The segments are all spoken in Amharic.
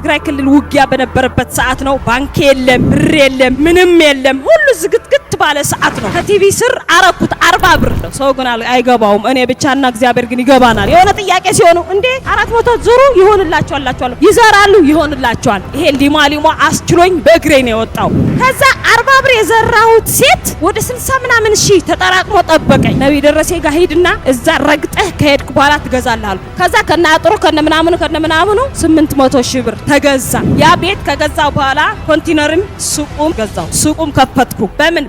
ትግራይ ክልል ውጊያ በነበረበት ሰዓት ነው። ባንክ የለም፣ ብር የለም፣ ምንም የለም። ሁሉ ዝግትግት ባለ ሰዓት ነው። ከቲቪ ስር አረኩት አርባ ብር ነው። ሰው ግን አይገባውም። እኔ ብቻና እግዚአብሔር ግን ይገባናል። የሆነ ጥያቄ ሲሆኑ እንዴ አራት መቶ ዙሩ ይሆንላቸዋላቸዋል፣ ይዘራሉ ይሆንላቸዋል። ይሄ ሊማ ሊማ አስችሎኝ በእግሬ ነው የወጣው። ከዛ አርባ ብር የዘራሁት ሴት ወደ ስልሳ ምናምን ሺህ ተጠራቅሞ ጠበቀኝ። ነቢ ደረሴ ጋር ሂድና እዛ ረግጠህ ከሄድክ በኋላ ትገዛላሉ ከዛ ከነ አጥሩ ከነ ምናምኑ ከነ ምናምኑ ስምንት መቶ ሺ ብር ተገዛ። ያ ቤት ከገዛው በኋላ ኮንቲነርም ሱቁም ገዛው። ሱቁም ከፈትኩ በምን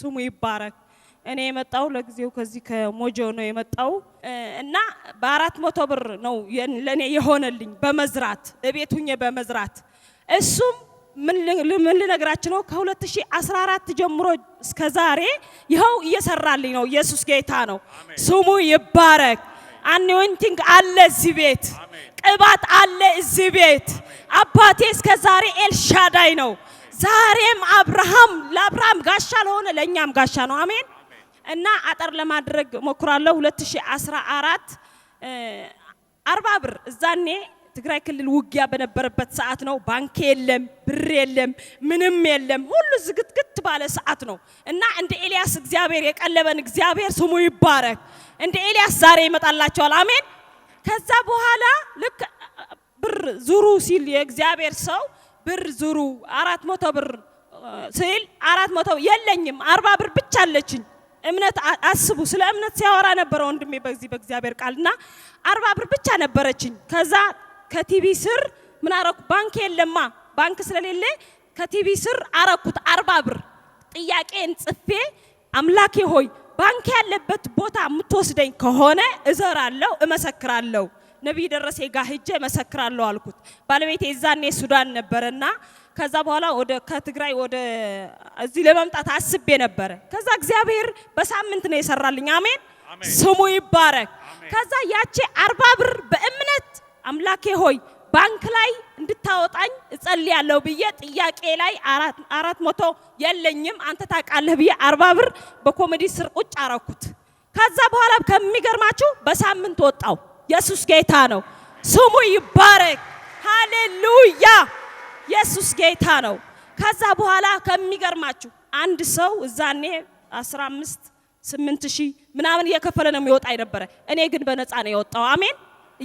ስሙ ይባረክ። እኔ የመጣው ለጊዜው ከዚህ ከሞጆ ነው የመጣው እና በአራት መቶ ብር ነው ለእኔ የሆነልኝ በመዝራት እቤቱኝ በመዝራት እሱም ምን ልነግራችሁ ነው ከ2014 ጀምሮ እስከ ዛሬ ይኸው እየሰራልኝ ነው። ኢየሱስ ጌታ ነው፣ ስሙ ይባረክ። አኒንቲንግ አለ እዚህ ቤት፣ ቅባት አለ እዚህ ቤት። አባቴ እስከ ዛሬ ኤልሻዳይ ነው። ዛሬም አብርሃም ለአብርሃም ጋሻ ለሆነ ለእኛም ጋሻ ነው። አሜን እና አጠር ለማድረግ ሞክራለሁ። 2014 አርባ ብር እዛኔ ትግራይ ክልል ውጊያ በነበረበት ሰዓት ነው። ባንክ የለም፣ ብር የለም፣ ምንም የለም። ሁሉ ዝግትግት ባለ ሰዓት ነው እና እንደ ኤልያስ እግዚአብሔር የቀለበን እግዚአብሔር ስሙ ይባረክ። እንደ ኤልያስ ዛሬ ይመጣላቸዋል። አሜን ከዛ በኋላ ልክ ብር ዙሩ ሲል የእግዚአብሔር ሰው ብር ዙሩ አራት መቶ ብር ስል አራት መቶ የለኝም አርባ ብር ብቻ አለችኝ። እምነት አስቡ፣ ስለ እምነት ሲያወራ ነበረ ወንድሜ በዚህ በእግዚአብሔር ቃል እና አርባ ብር ብቻ ነበረችኝ። ከዛ ከቲቪ ስር ምን አረኩ? ባንክ የለማ ባንክ ስለሌለ ከቲቪ ስር አረኩት አርባ ብር ጥያቄን ጽፌ አምላኬ ሆይ ባንክ ያለበት ቦታ የምትወስደኝ ከሆነ እዘራለሁ፣ እመሰክራለሁ ነቢይ ደረሴ ጋር ሂጄ መሰክራለሁ አልኩት። ባለቤቴ የዛኔ ሱዳን ነበረና ከዛ በኋላ ወደ ከትግራይ ወደ እዚህ ለመምጣት አስቤ ነበረ። ከዛ እግዚአብሔር በሳምንት ነው የሰራልኝ። አሜን፣ ስሙ ይባረክ። ከዛ ያቺ አርባ ብር በእምነት አምላኬ ሆይ ባንክ ላይ እንድታወጣኝ እጸልያለሁ ብዬ ጥያቄ ላይ አራት መቶ የለኝም አንተ ታውቃለህ ብዬ አርባ ብር በኮሜዲ ስር ቁጭ አረኩት። ከዛ በኋላ ከሚገርማችሁ በሳምንት ወጣው። ኢየሱስ ጌታ ነው። ስሙ ይባረክ። ሃሌሉያ! ኢየሱስ ጌታ ነው። ከዛ በኋላ ከሚገርማችሁ አንድ ሰው እዛኔ 15 8 ሺህ ምናምን እየከፈለ ነው የሚወጣ የነበረ። እኔ ግን በነፃ ነው የወጣው። አሜን።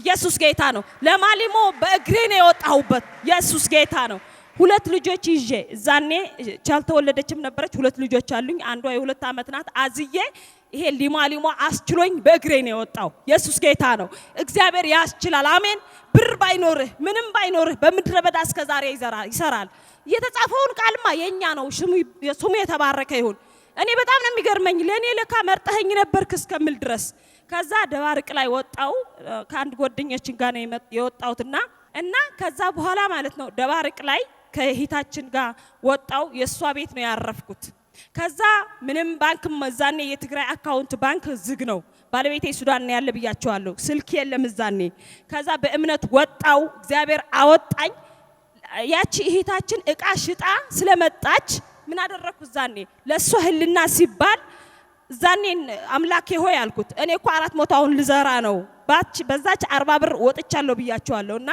ኢየሱስ ጌታ ነው። ለማሊሞ በእግሬ ነው የወጣሁበት። ኢየሱስ ጌታ ነው። ሁለት ልጆች ይዤ እዛኔ ቻልተወለደችም ነበረች። ሁለት ልጆች አሉኝ። አንዷ የሁለት ዓመት ናት። አዝዬ ይሄ ሊማ ሊማ አስችሎኝ በእግሬ ነው የወጣው። ኢየሱስ ጌታ ነው። እግዚአብሔር ያስችላል። አሜን። ብር ባይኖርህ ምንም ባይኖርህ በምድረ በዳ እስከ ዛሬ ይሰራል። የተጻፈውን ቃልማ የእኛ ነው። ስሙ የተባረከ ይሁን። እኔ በጣም ነው የሚገርመኝ። ለእኔ ለካ መርጠኸኝ ነበርክ እስከምል ድረስ ከዛ ደባርቅ ላይ ወጣው ከአንድ ጓደኛችን ጋር ነው የወጣሁትና እና ከዛ በኋላ ማለት ነው ደባርቅ ላይ ከሂታችን ጋር ወጣው የእሷ ቤት ነው ያረፍኩት። ከዛ ምንም ባንክ መዛኔ የትግራይ አካውንት ባንክ ዝግ ነው። ባለቤቴ ሱዳን ያለ ብያቸዋለሁ። ስልክ የለም እዛኔ። ከዛ በእምነት ወጣው፣ እግዚአብሔር አወጣኝ። ያቺ እህታችን እቃ ሽጣ ስለመጣች ምን አደረግኩ እዛኔ ለእሷ ህልና ሲባል እዛኔን አምላኬ ሆይ አልኩት። እኔ እኮ አራት መቶ አሁን ልዘራ ነው ባች በዛች አርባ ብር ወጥቻለሁ ብያቸዋለሁ። እና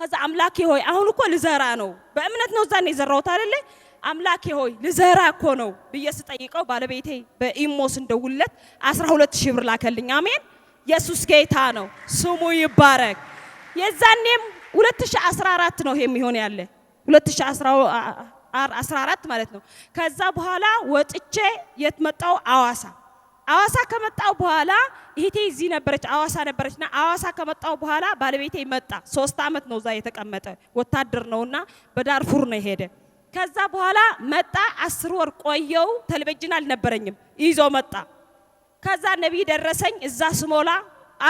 ከዛ አምላኬ ሆይ አሁን እኮ ልዘራ ነው በእምነት ነው እዛኔ የዘራሁት አይደለ አምላኬ ሆይ ልዘራ እኮ ነው ብዬ ስጠይቀው ባለቤቴ በኢሞ ስንደውለት 12 ሺህ ብር ላከልኝ። አሜን። ኢየሱስ ጌታ ነው፣ ስሙ ይባረክ። የዛኔም 2014 ነው ይሄ የሚሆን ያለ 2014 ማለት ነው። ከዛ በኋላ ወጥቼ የት መጣው? አዋሳ አዋሳ ከመጣው በኋላ እህቴ እዚህ ነበረች፣ አዋሳ ነበረችና አዋሳ ከመጣው በኋላ ባለቤቴ መጣ። ሶስት አመት ነው እዛ የተቀመጠ ወታደር ነውና በዳርፉር ነው የሄደ ከዛ በኋላ መጣ። አስር ወር ቆየው። ቴሌቪዥን አልነበረኝም ይዞ መጣ። ከዛ ነቢይ ደረሰኝ እዛ ስሞላ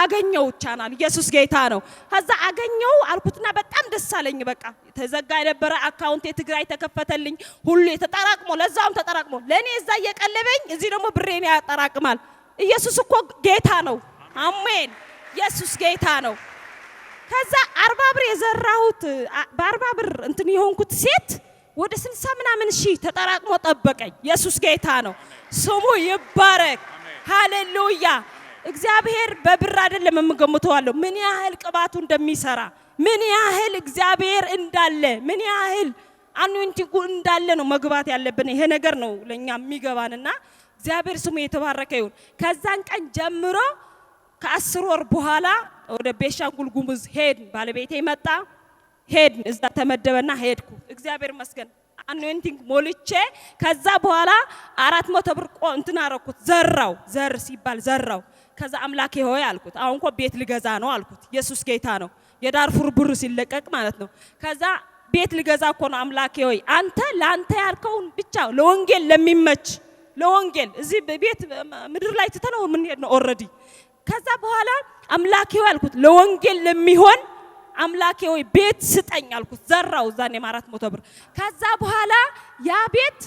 አገኘው ቻናል ኢየሱስ ጌታ ነው። ከዛ አገኘው አልኩትና በጣም ደስ አለኝ። በቃ ተዘጋ የነበረ አካውንቴ ትግራይ ተከፈተልኝ። ሁሉ የተጠራቅሞ ለዛውም ተጠራቅሞ ለእኔ እዛ እየቀለበኝ እዚህ ደግሞ ብሬን ያጠራቅማል። ኢየሱስ እኮ ጌታ ነው። አሜን። ኢየሱስ ጌታ ነው። ከዛ አርባ ብር የዘራሁት በአርባ ብር እንትን የሆንኩት ሴት ወደ ስልሳ ምናምን ሺ ተጠራቅሞ ጠበቀኝ። ኢየሱስ ጌታ ነው፣ ስሙ ይባረክ። ሃሌሉያ። እግዚአብሔር በብር አይደለም የምገምተዋለሁ፣ ምን ያህል ቅባቱ እንደሚሰራ ምን ያህል እግዚአብሔር እንዳለ ምን ያህል አኖይንቲንጉ እንዳለ ነው መግባት ያለብን። ይሄ ነገር ነው ለእኛ የሚገባንና እግዚአብሔር ስሙ የተባረከ ይሁን። ከዛን ቀን ጀምሮ ከአስር ወር በኋላ ወደ ቤንሻንጉል ጉሙዝ ሄድ ባለቤቴ መጣ። ሄድን። እዛ ተመደበና ሄድኩ። እግዚአብሔር ይመስገን አኖይንቲንግ ሞልቼ ከዛ በኋላ አራት መቶ ብር እንትን አረኩት። ዘራው ዘር ሲባል ዘራው። ከዛ አምላኬ ሆይ አልኩት፣ አሁን እኮ ቤት ልገዛ ነው አልኩት። ኢየሱስ ጌታ ነው። የዳርፉር ብር ሲለቀቅ ማለት ነው። ከዛ ቤት ልገዛ እኮ ነው አምላኬ ሆይ አንተ ለአንተ ያልከውን ብቻ ለወንጌል ለሚመች ለወንጌል እዚህ ቤት ምድር ላይ ትተነው የምንሄድ ነው ኦልሬዲ። ከዛ በኋላ አምላኬ ሆይ አልኩት ለወንጌል ለሚሆን አምላኬ ወይ ቤት ስጠኝ አልኩት። ዘራው እዛኔ ማራት መቶ ብር። ከዛ በኋላ ያ ቤት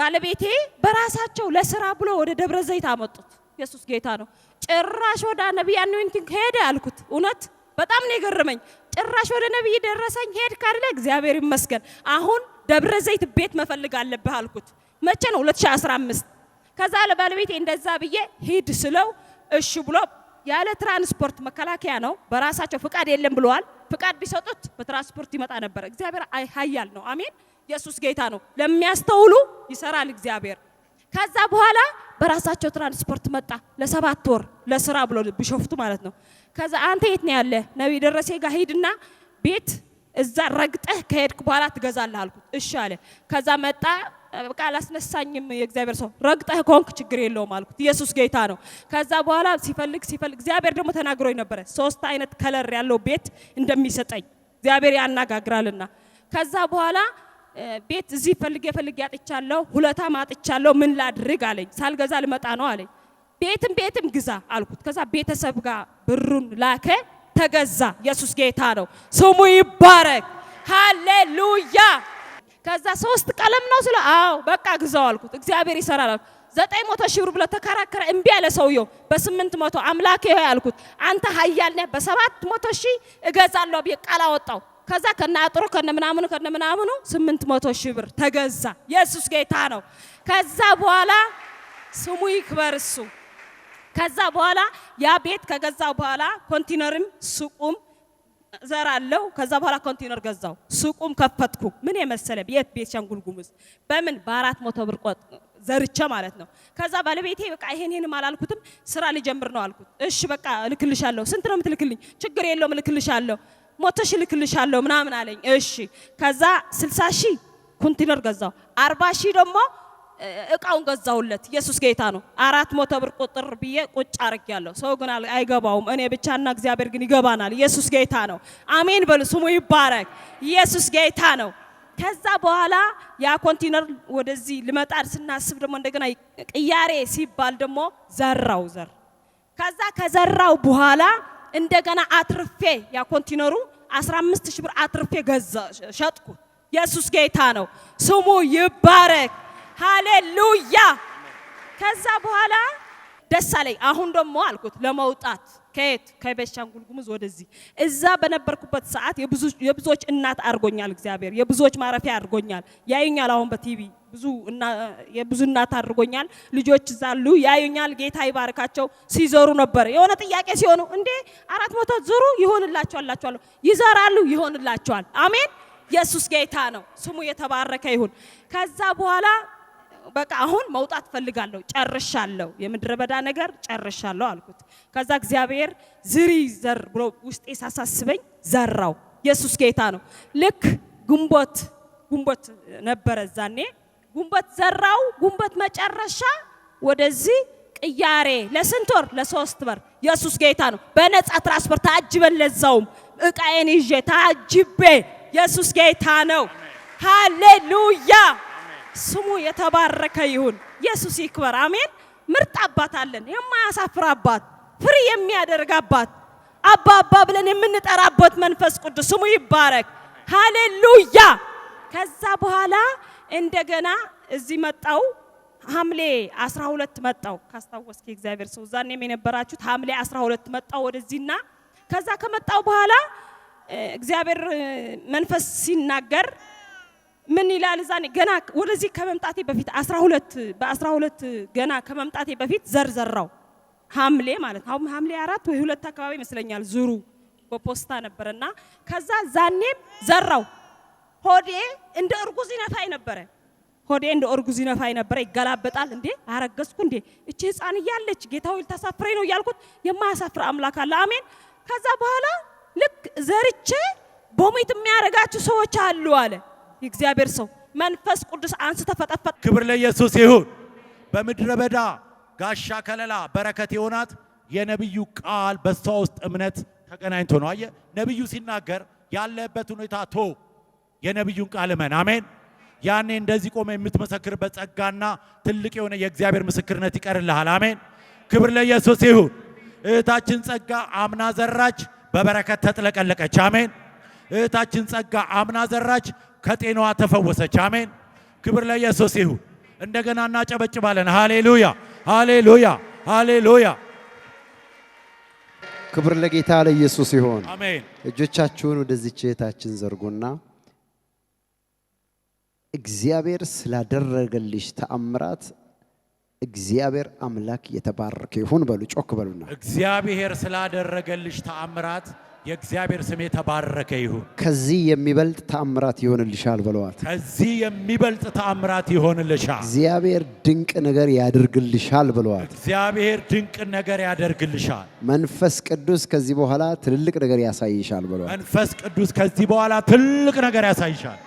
ባለቤቴ በራሳቸው ለስራ ብሎ ወደ ደብረ ዘይት አመጡት። ኢየሱስ ጌታ ነው። ጭራሽ ወደ ነቢይ አኖይንቲንግ ሄደ አልኩት። እውነት በጣም ነው የገረመኝ። ጭራሽ ወደ ነቢይ ደረሰኝ ሄድ አይደለ? እግዚአብሔር ይመስገን። አሁን ደብረ ዘይት ቤት መፈልግ አለብህ አልኩት። መቼ ነው? 2015 ከዛ ለባለቤቴ እንደዛ ብዬ ሂድ ስለው እሺ ብሎ ያለ ትራንስፖርት መከላከያ ነው። በራሳቸው ፍቃድ የለም ብለዋል። ፍቃድ ቢሰጡት በትራንስፖርት ይመጣ ነበር። እግዚአብሔር ኃያል ነው። አሜን። ኢየሱስ ጌታ ነው። ለሚያስተውሉ ይሰራል እግዚአብሔር። ከዛ በኋላ በራሳቸው ትራንስፖርት መጣ ለሰባት ወር ለስራ ብሎ ቢሾፍቱ ማለት ነው። ከዛ አንተ የት ነው ያለ? ነቢይ ደረሴ ጋር ሂድና ቤት እዛ ረግጠህ ከሄድክ በኋላ ትገዛለህ አልኩት። እሺ አለ። ከዛ መጣ በቃ አላስነሳኝም። የእግዚአብሔር ሰው ረግጠህ ከሆንክ ችግር የለውም አልኩት። ኢየሱስ ጌታ ነው። ከዛ በኋላ ሲፈልግ ሲፈልግ እግዚአብሔር ደግሞ ተናግሮኝ ነበረ ሶስት አይነት ከለር ያለው ቤት እንደሚሰጠኝ እግዚአብሔር ያናጋግራልና ከዛ በኋላ ቤት እዚህ ፈልጌ ፈልጌ አጥቻለሁ፣ ሁለታ ማጥቻለሁ፣ ምን ላድርግ አለኝ። ሳልገዛ ልመጣ ነው አለኝ። ቤትም ቤትም ግዛ አልኩት። ከዛ ቤተሰብ ጋር ብሩን ላከ፣ ተገዛ። ኢየሱስ ጌታ ነው። ስሙ ይባረክ። ሃሌሉያ ከዛ ሶስት ቀለም ነው ስለ አዎ በቃ ግዛው አልኩት። እግዚአብሔር ይሰራል አልኩት። ዘጠኝ መቶ ሺህ ብር ብሎ ተከራከረ። እምቢ አለ ሰውየው። በስምንት መቶ አምላኬ ሆይ አልኩት አንተ ሀያል ነህ፣ በሰባት መቶ ሺህ እገዛለሁ ብዬ ቃል አወጣው። ከዛ ከነ አጥሮ ከነ ምናምኑ ከነ ምናምኑ ስምንት መቶ ሺህ ብር ተገዛ። ኢየሱስ ጌታ ነው። ከዛ በኋላ ስሙ ይክበር እሱ ከዛ በኋላ ያ ቤት ከገዛው በኋላ ኮንቲነርም ሱቁም ዘር አለው ከዛ በኋላ ኮንቴነር ገዛው፣ ሱቁም ከፈትኩ። ምን የመሰለ ቤት ቤንሻንጉል ጉሙዝ በምን በአራት መቶ ብር ቆጥ ዘርቼ ማለት ነው። ከዛ ባለቤቴ በቃ ይሄን ይሄንም አላልኩትም፣ ስራ ልጀምር ነው አልኩት። እሺ በቃ እልክልሻለሁ። ስንት ነው የምትልክልኝ? ችግር የለውም እልክልሻለሁ፣ ሞተሽ እልክልሻለሁ ምናምን አለኝ። እሺ ከዛ ስልሳ ሺህ ኮንቴነር ገዛው፣ አርባ ሺህ ደግሞ እቃውን ገዛውለት። ኢየሱስ ጌታ ነው። አራት መቶ ብር ቁጥር ብዬ ቁጭ ያለው ሰው ግን አይገባውም። እኔ ብቻና እግዚአብሔር ግን ይገባናል። ኢየሱስ ጌታ ነው። አሜን በሉ። ስሙ ይባረክ። ኢየሱስ ጌታ ነው። ከዛ በኋላ ያ ኮንቲነር ወደዚህ ልመጣድ ስናስብ ደግሞ እንደገና ቅያሬ ሲባል ደግሞ ዘራው ዘር ከዛ ከዘራው በኋላ እንደገና አትርፌ ያ ኮንቲነሩ 15 ሺህ ብር አትርፌ ገዛ ሸጥኩ። ኢየሱስ ጌታ ነው። ስሙ ይባረክ። ሃሌሉያ። ከዛ በኋላ ደስ አለኝ። አሁን ደግሞ አልኩት ለመውጣት ከየት ከቤንሻንጉል ጉሙዝ ወደዚህ። እዛ በነበርኩበት ሰዓት የብዙዎች እናት አድርጎኛል እግዚአብሔር፣ የብዙዎች ማረፊያ አድርጎኛል። ያዩኛል፣ አሁን በቲቪ የብዙ እናት አድርጎኛል። ልጆች እዛ አሉ፣ ያዩኛል። ጌታ ይባርካቸው። ሲዘሩ ነበር የሆነ ጥያቄ ሲሆኑ እንዴ አራት መቶ ዙሩ ይሆንላቸዋል፣ ላቸዋለሁ ይዘራሉ፣ ይሆንላቸዋል። አሜን። ኢየሱስ ጌታ ነው፣ ስሙ የተባረከ ይሁን። ከዛ በኋላ በቃ አሁን መውጣት ፈልጋለሁ፣ ጨርሻለሁ፣ የምድረ በዳ ነገር ጨርሻለሁ አልኩት። ከዛ እግዚአብሔር ዝሪ ዘር ብሎ ውስጤ ሳሳስበኝ ዘራው። ኢየሱስ ጌታ ነው። ልክ ጉንቦት ጉንቦት ነበረ እዛኔ ጉንቦት ዘራው። ጉንቦት መጨረሻ ወደዚህ ቅያሬ ለስንት ወር? ለሶስት ወር። ኢየሱስ ጌታ ነው። በነፃ ትራንስፖርት ታጅበን፣ ለዛውም እቃዬን ይዤ ታጅቤ። ኢየሱስ ጌታ ነው። ሃሌሉያ ስሙ የተባረከ ይሁን። ኢየሱስ ይክበር። አሜን። ምርጥ አባት አለን። የማያሳፍር አባት፣ ፍሪ የሚያደርግ አባት፣ አባ አባ ብለን የምንጠራበት መንፈስ ቅዱስ ስሙ ይባረክ። ሃሌሉያ። ከዛ በኋላ እንደገና እዚህ መጣው ሐምሌ 12 መጣው ካስታወስኪ እግዚአብሔር ሰው እዛኔም የነበራችሁት ሐምሌ 12 መጣው ወደዚህና ከዛ ከመጣው በኋላ እግዚአብሔር መንፈስ ሲናገር ምን ይላል እዛኔ ገና ወደዚህ ከመምጣቴ በፊት 12 በ12 ገና ከመምጣቴ በፊት ዘርዘራው ሐምሌ ማለት አሁን ሐምሌ አራት ወይ ሁለት አካባቢ ይመስለኛል ዙሩ በፖስታ ነበረና ከዛ ዛኔም ዘራው ሆዴ እንደ እርጉዝ ይነፋኝ ነበረ። ሆዴ እንደ እርጉዝ ይነፋኝ ነበረ። ይገላበጣል። እንዴ አረገዝኩ እንዴ እቺ ህፃን እያለች ጌታ ሆይ ልታሳፍረኝ ነው እያልኩት የማያሳፍር አምላክ አለ። አሜን። ከዛ በኋላ ልክ ዘርቼ ቦሚት የሚያረጋችሁ ሰዎች አሉ አለ የእግዚአብሔር ሰው መንፈስ ቅዱስ አንስ ተፈጠፈጥ። ክብር ለኢየሱስ ይሁን። በምድረ በዳ ጋሻ ከለላ በረከት የሆናት የነቢዩ ቃል በሷ ውስጥ እምነት ተገናኝቶ ነው። አየ ነቢዩ ሲናገር ያለበት ሁኔታ ቶ የነቢዩን ቃል እመን። አሜን። ያኔ እንደዚህ ቆመ የምትመሰክርበት ጸጋና ትልቅ የሆነ የእግዚአብሔር ምስክርነት ይቀርልሃል። አሜን። ክብር ለኢየሱስ ይሁን። እህታችን ጸጋ አምና ዘራች፣ በበረከት ተጥለቀለቀች። አሜን። እህታችን ጸጋ አምና ዘራች፣ ከጤናዋ ተፈወሰች። አሜን። ክብር ለኢየሱስ ይሁን። እንደገና እናጨበጭባለን። ሃሌሉያ፣ ሃሌሉያ፣ ሃሌሉያ። ክብር ለጌታ ለኢየሱስ ይሁን። አሜን። እጆቻችሁን ወደዚች እህታችን ዘርጉና እግዚአብሔር ስላደረገልሽ ተአምራት እግዚአብሔር አምላክ የተባረከ ይሁን በሉ። ጮክ በሉና እግዚአብሔር ስላደረገልሽ ተአምራት የእግዚአብሔር ስም የተባረከ ይሁን። ከዚህ የሚበልጥ ተአምራት ይሆንልሻል ብለዋት። ከዚህ የሚበልጥ ተአምራት ይሆንልሻል። እግዚአብሔር ድንቅ ነገር ያደርግልሻል ብለዋት። እግዚአብሔር ድንቅ ነገር ያደርግልሻል። መንፈስ ቅዱስ ከዚህ በኋላ ትልልቅ ነገር ያሳይሻል ብለዋት። መንፈስ ቅዱስ ከዚህ በኋላ ትልቅ ነገር ያሳይሻል።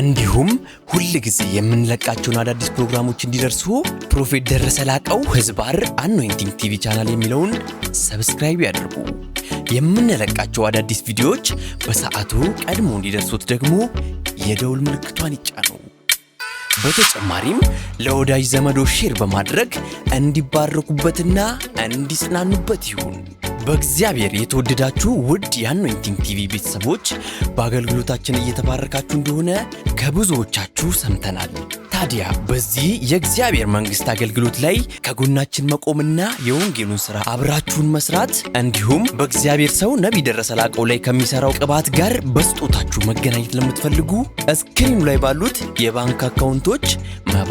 እንዲሁም ሁል ጊዜ የምንለቃቸውን አዳዲስ ፕሮግራሞች እንዲደርሱ ፕሮፌት ደረሰ ላቀው ህዝባር አኖይንቲንግ ቲቪ ቻናል የሚለውን ሰብስክራይብ ያድርጉ። የምንለቃቸው አዳዲስ ቪዲዮዎች በሰዓቱ ቀድሞ እንዲደርሱት ደግሞ የደውል ምልክቷን ይጫነው። በተጨማሪም ለወዳጅ ዘመዶ ሼር በማድረግ እንዲባረኩበትና እንዲጽናኑበት ይሁን። በእግዚአብሔር የተወደዳችሁ ውድ የአኖይንቲንግ ቲቪ ቤተሰቦች በአገልግሎታችን እየተባረካችሁ እንደሆነ ከብዙዎቻችሁ ሰምተናል። ታዲያ በዚህ የእግዚአብሔር መንግስት አገልግሎት ላይ ከጎናችን መቆምና የወንጌሉን ስራ አብራችሁን መስራት እንዲሁም በእግዚአብሔር ሰው ነቢይ ደረሰ ላቀው ላይ ከሚሰራው ቅባት ጋር በስጦታችሁ መገናኘት ለምትፈልጉ እስክሪኑ ላይ ባሉት የባንክ አካውንቶች መባ